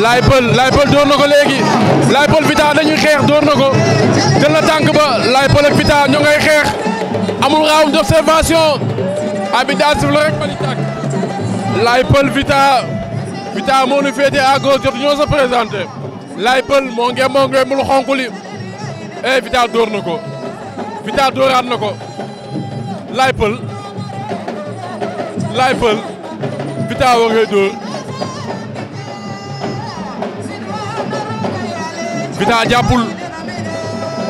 Laye Peul Laye Peul door na ko léegi Laye Peul Vita dañuy xeex door na ko jël na tànk ba Laye Peul ak Vita ñoo ngay xeex amul round d'observation abi daa sif la rek bali tàkk Laye Peul Vita Vita moo nu féete à gauche ñoo sa présenté Laye Peul moo nge moo nge mul xonk li eh Vita na ko Vita dooraat na ko Laye Peul Laye Peul Vita wa ngay door Vita jàppul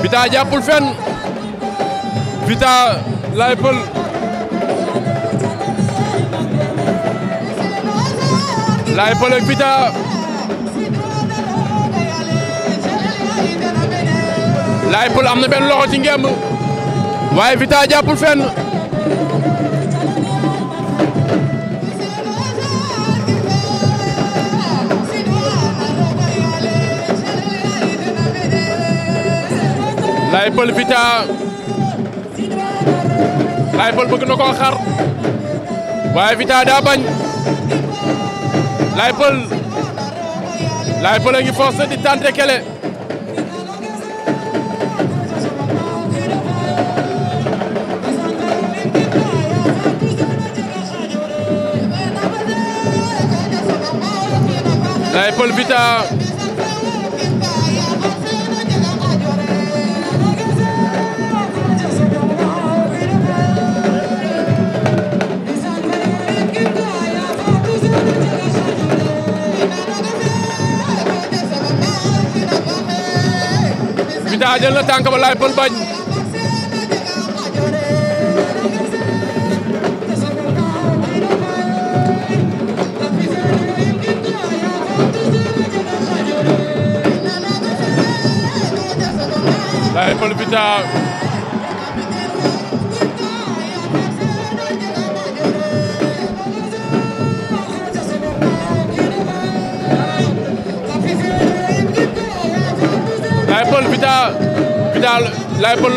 Vita jàppul fenn Vita Laye Peul Laye Peul ak Vita Laye Peul am na benn loxo ci ngemb waaye Vita jàppul fenn Laye Peul Vita Laye Peul bëgg na koo waaye Vita daa bañ Laye Peul Laye Peul a ngi forcé di tenter kele Laye Peul Vita Siteu jël na tànk ba laay pël bañ laay pël Siteu Laye Peul Vita Vita Laye Peul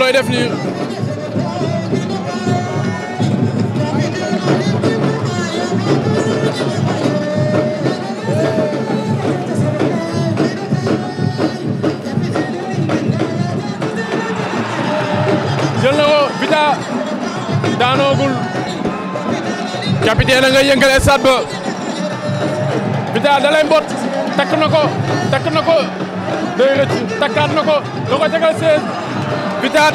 jël na ko Vita daanoogul capitaine nga yëngal stade ba Vita da takk na ko takk na ko. day rëcc takkaat na ko da ko jagal seen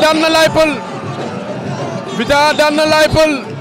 daan na Laye Peul Vita daan na Laye Peul